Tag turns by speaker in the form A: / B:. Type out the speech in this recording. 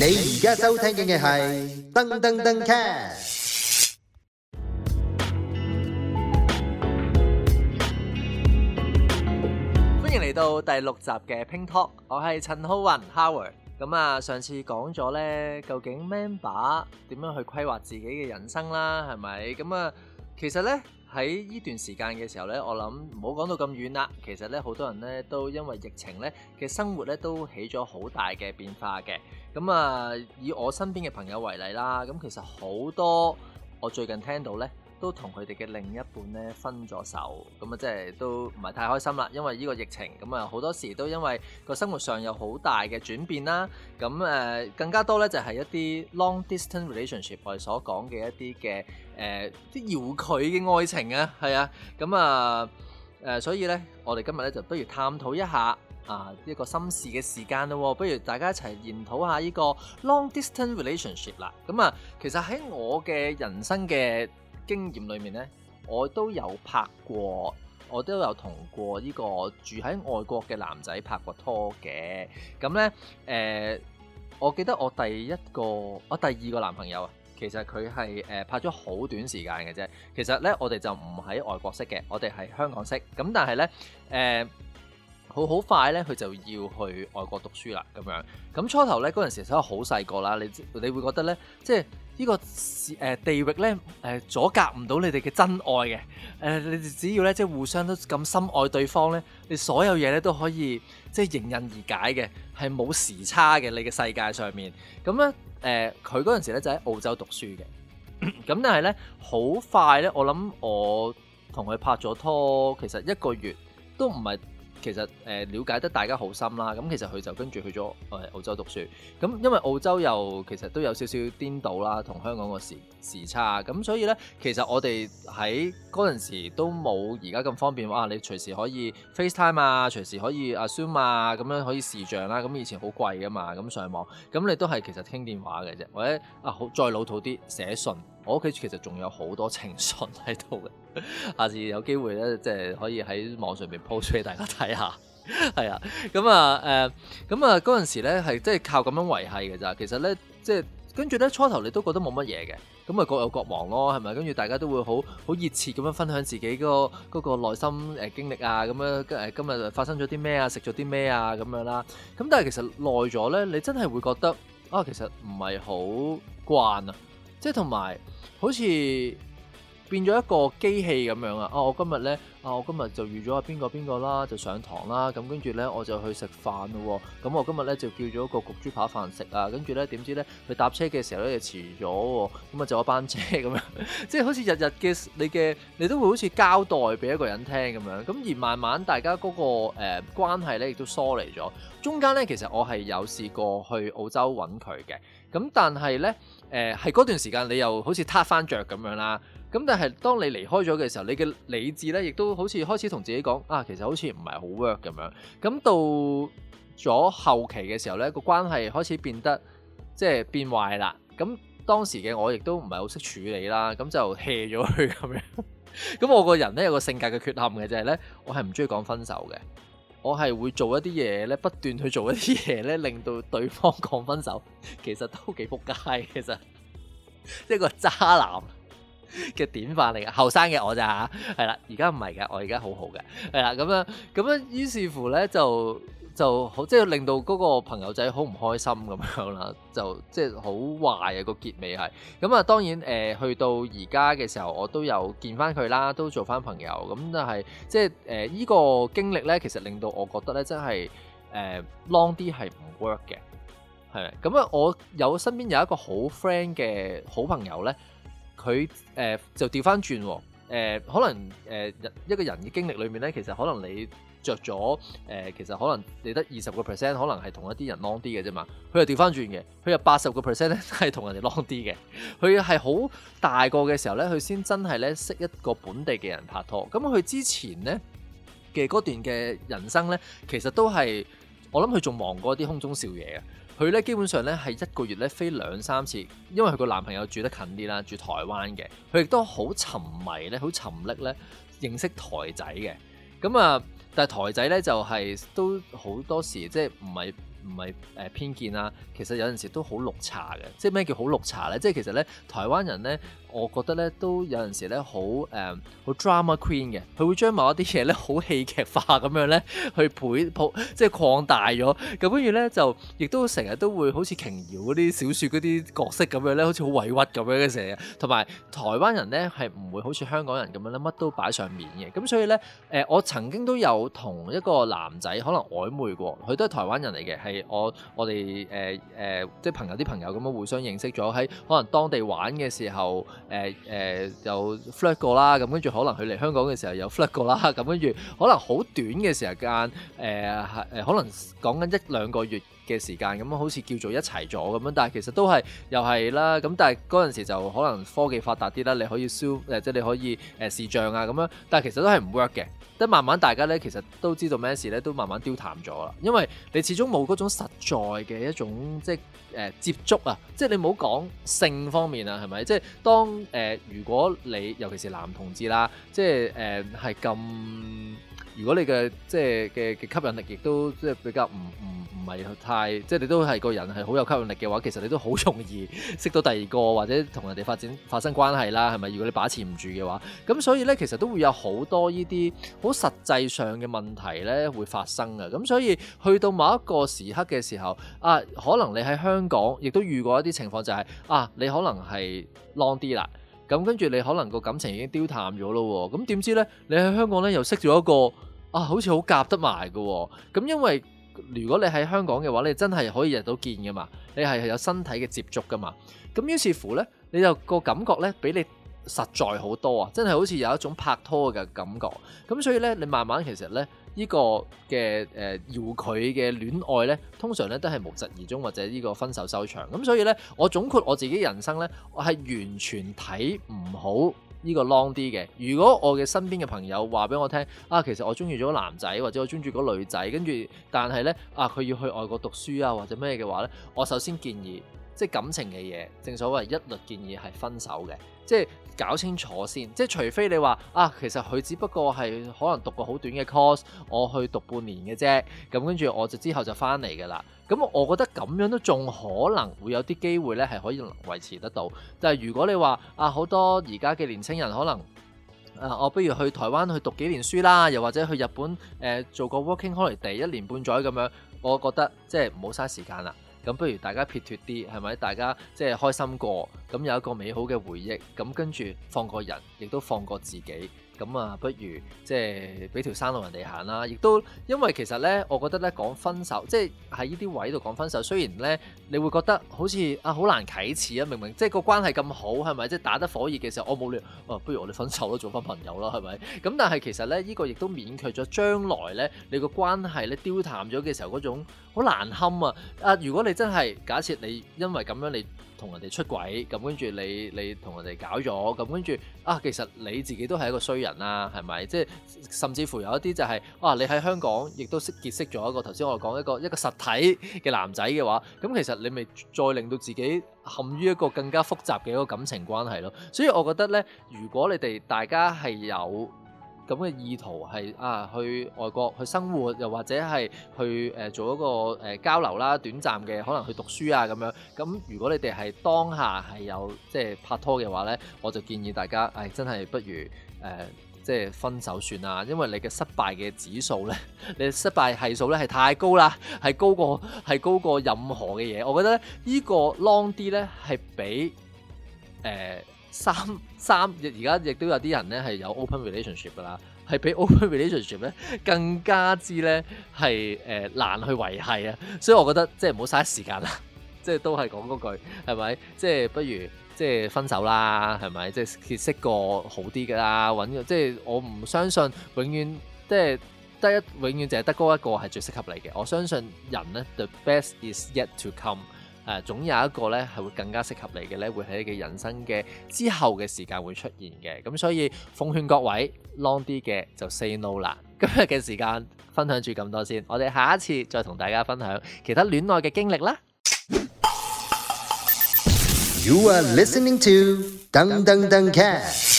A: 你而家收聽嘅係噔噔噔 cast 歡迎嚟到第六集嘅 Ping Talk，我係陳浩云 Howard。咁啊，上次講咗呢，究竟 member 點樣去規劃自己嘅人生啦？係咪？咁啊，其實呢，喺呢段時間嘅時候呢，我諗唔好講到咁遠啦。其實呢，好多人呢都因為疫情呢嘅生活呢都起咗好大嘅變化嘅。咁啊，以我身邊嘅朋友為例啦，咁其實好多我最近聽到咧，都同佢哋嘅另一半咧分咗手，咁啊，即係都唔係太開心啦，因為呢個疫情，咁啊，好多時都因為個生活上有好大嘅轉變啦，咁誒，更加多咧就係一啲 long distance relationship，我哋所講嘅一啲嘅誒，啲遙距嘅愛情啊，係啊，咁啊，誒，所以咧，我哋今日咧就不如探討一下。啊！一個心事嘅時間咯，哦，不如大家一齊研討下呢個 long distance relationship 啦。咁、嗯、啊，其實喺我嘅人生嘅經驗裏面呢，我都有拍過，我都有同過呢個住喺外國嘅男仔拍過拖嘅。咁、嗯、呢，誒、嗯，我記得我第一個，我第二個男朋友，啊，其實佢係誒拍咗好短時間嘅啫。其實呢，我哋就唔喺外國識嘅，我哋係香港識。咁但係呢。誒、嗯。佢好快咧，佢就要去外國讀書啦，咁樣咁初頭咧嗰陣時，係好細個啦。你你會覺得咧，即係呢個誒地域咧誒阻隔唔到你哋嘅真愛嘅誒、呃，你只要咧即係互相都咁深愛對方咧，你所有嘢咧都可以即係迎刃而解嘅，係冇時差嘅。你嘅世界上面咁咧誒，佢嗰陣時咧就喺澳洲讀書嘅，咁 但係咧好快咧，我諗我同佢拍咗拖，其實一個月都唔係。其實誒瞭解得大家好深啦，咁其實佢就跟住去咗誒澳洲讀書，咁因為澳洲又其實都有少少顛倒啦，同香港嘅時時差，咁所以呢，其實我哋喺嗰陣時都冇而家咁方便哇！你隨時可以 FaceTime 啊，隨時可以啊 Zoom 啊，咁樣可以視像啦、啊，咁以前好貴㗎嘛，咁上網咁你都係其實聽電話嘅啫，或者啊好再老土啲寫信。我屋企其實仲有好多情信喺度嘅，下次有機會咧，即係可以喺網上邊 post 俾大家睇下，係 啊，咁啊，誒，咁啊，嗰陣時咧係即係靠咁樣維繫嘅咋，其實咧，即係跟住咧初頭你都覺得冇乜嘢嘅，咁啊各有各忙咯，係咪？跟住大家都會好好熱切咁樣分享自己嗰個嗰個內心誒經歷啊，咁樣誒今日發生咗啲咩啊，食咗啲咩啊，咁樣啦。咁但係其實耐咗咧，你真係會覺得啊，其實唔係好慣啊。即係同埋，好似變咗一個機器咁樣啊！哦，我今日咧，啊，我今日、啊、就預咗阿邊個邊個啦，就上堂啦，咁跟住咧，我就去食飯咯。咁我今日咧就叫咗個焗豬扒飯食啊。跟住咧，點知咧，佢搭車嘅時候咧就遲咗，咁啊，就一班車咁樣。即 係好似日日嘅你嘅，你都會好似交代俾一個人聽咁樣。咁而慢慢大家嗰、那個誒、呃、關係咧，亦都疏離咗。中間咧，其實我係有試過去澳洲搵佢嘅。咁但係呢，誒係嗰段時間你又好似揦翻着咁樣啦。咁但係當你離開咗嘅時候，你嘅理智呢亦都好似開始同自己講啊，其實好似唔係好 work 咁樣。咁到咗後期嘅時候呢，個關係開始變得即係變壞啦。咁當時嘅我亦都唔係好識處理啦。咁就 hea 咗佢咁樣。咁 我個人呢，有個性格嘅缺陷嘅就係呢：「我係唔中意講分手嘅。我係會做一啲嘢咧，不斷去做一啲嘢咧，令到對方講分手，其實都幾撲街，其實一個渣男嘅典範嚟嘅，後生嘅我咋嚇？係啦，而家唔係嘅，我而家好好嘅，係啦，咁樣咁樣，於是乎咧就。就好，即係令到嗰個朋友仔好唔開心咁樣啦，就即係好壞啊個結尾係。咁啊，當然誒、呃，去到而家嘅時候，我都有見翻佢啦，都做翻朋友。咁但係即係誒、依、即係呃依個經歷咧，其實令到我覺得呢真係誒，long 啲係唔 work 嘅。係咪？咁、嗯、啊，我有身邊有一個好 friend 嘅好朋友呢，佢誒、呃、就調翻轉，誒、呃、可能誒一、呃、一個人嘅經歷裏面呢，其實可能你。着咗，誒、呃，其實可能你得二十個 percent，可能係同一啲人 long 啲嘅啫嘛。佢又調翻轉嘅，佢有八十個 percent 咧，係同人哋 long 啲嘅。佢係好大個嘅時候咧，佢先真係咧識一個本地嘅人拍拖。咁、嗯、佢之前咧嘅段嘅人生咧，其實都係我諗佢仲忙過啲空中少爺嘅。佢咧基本上咧係一個月咧飛兩三次，因為佢個男朋友住得近啲啦，住台灣嘅。佢亦都好沉迷咧，好沉溺咧認識台仔嘅。咁、嗯、啊～、嗯但台仔咧就係都好多時，即係唔係唔係誒偏見啊！其實有陣時都好綠茶嘅，即係咩叫好綠茶咧？即係其實咧，台灣人咧。我覺得咧都有陣時咧好誒好、嗯、drama queen 嘅，佢會將某一啲嘢咧好戲劇化咁樣咧去倍即係擴大咗。咁跟住咧就亦都成日都會好似瓊瑤嗰啲小説嗰啲角色咁樣咧，好似好委屈咁樣嘅成日。同埋台灣人咧係唔會好似香港人咁樣咧乜都擺上面嘅。咁所以咧誒、呃，我曾經都有同一個男仔可能曖昧過，佢都係台灣人嚟嘅，係我我哋誒誒即係朋友啲朋友咁樣互相認識咗，喺可能當地玩嘅時候。誒誒、呃呃、又 flat 過啦，咁跟住可能佢嚟香港嘅時候有 flat 過啦，咁跟住可能好短嘅時間，誒、呃、誒可能講緊一兩個月。嘅時間咁樣好似叫做一齊咗咁樣，但係其實都係又係啦。咁但係嗰陣時就可能科技發達啲啦，你可以消即係你可以誒、呃、視像啊咁樣。但係其實都係唔 work 嘅。即係慢慢大家咧，其實都知道咩事咧，都慢慢丟淡咗啦。因為你始終冇嗰種實在嘅一種即係誒、呃、接觸啊。即係你冇講性方面啊，係咪？即係當誒、呃，如果你尤其是男同志啦，即係誒係咁，如果你嘅即係嘅吸引力亦都即係比較唔唔唔係太。係，即係你都係個人係好有吸引力嘅話，其實你都好容易識到第二個或者同人哋發展發生關係啦，係咪？如果你把持唔住嘅話，咁所以呢，其實都會有好多呢啲好實際上嘅問題呢會發生嘅。咁所以去到某一個時刻嘅時候，啊，可能你喺香港亦都遇過一啲情況，就是，就係啊，你可能係 long 啲啦，咁跟住你可能個感情已經丟淡咗咯。咁點知呢？你喺香港呢，又識咗一個啊，好似好夾得埋嘅。咁因為如果你喺香港嘅話，你真係可以日到見噶嘛？你係有身體嘅接觸噶嘛？咁於是乎呢，你就個感覺呢，比你實在好多啊！真係好似有一種拍拖嘅感覺。咁所以呢，你慢慢其實呢，呢個嘅誒遙距嘅戀愛呢，通常呢都係無疾而終或者呢個分手收場。咁所以呢，我總括我自己人生呢，我係完全睇唔好。呢個 long 啲嘅，如果我嘅身邊嘅朋友話俾我聽，啊，其實我中意咗男仔或者我中意個女仔，跟住但係呢，啊，佢要去外國讀書啊或者咩嘅話呢，我首先建議，即係感情嘅嘢，正所謂一律建議係分手嘅，即係。搞清楚先，即係除非你話啊，其實佢只不過係可能讀個好短嘅 course，我去讀半年嘅啫，咁跟住我就之後就翻嚟㗎啦。咁我覺得咁樣都仲可能會有啲機會呢係可以維持得到。但係如果你話啊，好多而家嘅年青人可能啊，我不如去台灣去讀幾年書啦，又或者去日本誒、呃、做個 working holiday 一年半載咁樣，我覺得即係唔好嘥時間啦。咁不如大家撇脫啲，係咪？大家即係開心過，咁有一個美好嘅回憶，咁跟住放過人，亦都放過自己。咁啊，不如即係俾條生路人哋行啦。亦都因為其實咧，我覺得咧講分手，即係喺呢啲位度講分手，雖然咧你會覺得好似啊好難啟齒啊，明明即係個關係咁好，係咪即係打得火熱嘅時候，我、哦、冇理由啊不如我哋分手咯，做翻朋友啦，係咪？咁但係其實咧，呢、這個亦都勉強咗將來咧，你個關係咧丟淡咗嘅時候，嗰種好難堪啊！啊，如果你真係假設你因為咁樣你。同人哋出軌，咁跟住你你同人哋搞咗，咁跟住啊，其實你自己都係一個衰人啦、啊，係咪？即係甚至乎有一啲就係、係、啊，你喺香港亦都識結識咗一個頭先我講一個一個實體嘅男仔嘅話，咁、嗯、其實你咪再令到自己陷於一個更加複雜嘅一個感情關係咯。所以我覺得呢，如果你哋大家係有。咁嘅意圖係啊，去外國去生活，又或者係去誒、呃、做一個誒、呃、交流啦，短暫嘅可能去讀書啊咁樣。咁如果你哋係當下係有即係拍拖嘅話呢，我就建議大家誒、哎、真係不如誒、呃、即係分手算啦，因為你嘅失敗嘅指數呢， 你失敗係數呢係太高啦，係高過係高，高過任何嘅嘢。我覺得呢、這個 long 啲呢係比誒。呃三三而，而家亦都有啲人咧係有 open relationship 噶啦，係比 open relationship 咧更加之咧係誒難去維繫啊，所以我覺得即係唔好嘥時間啦，即係都係講嗰句係咪？即係不如即係分手啦，係咪？即係結識個好啲噶啦，揾個即係我唔相信永遠即係得一永遠淨係得嗰一個係最適合你嘅，我相信人咧 the best is yet to come。誒總有一個咧係會更加適合你嘅咧，會喺你嘅人生嘅之後嘅時間會出現嘅。咁所以奉勸各位，long 啲嘅就 say no 啦。今日嘅時間分享住咁多先，我哋下一次再同大家分享其他戀愛嘅經歷啦。You are listening to Dang Dang Dang Cat。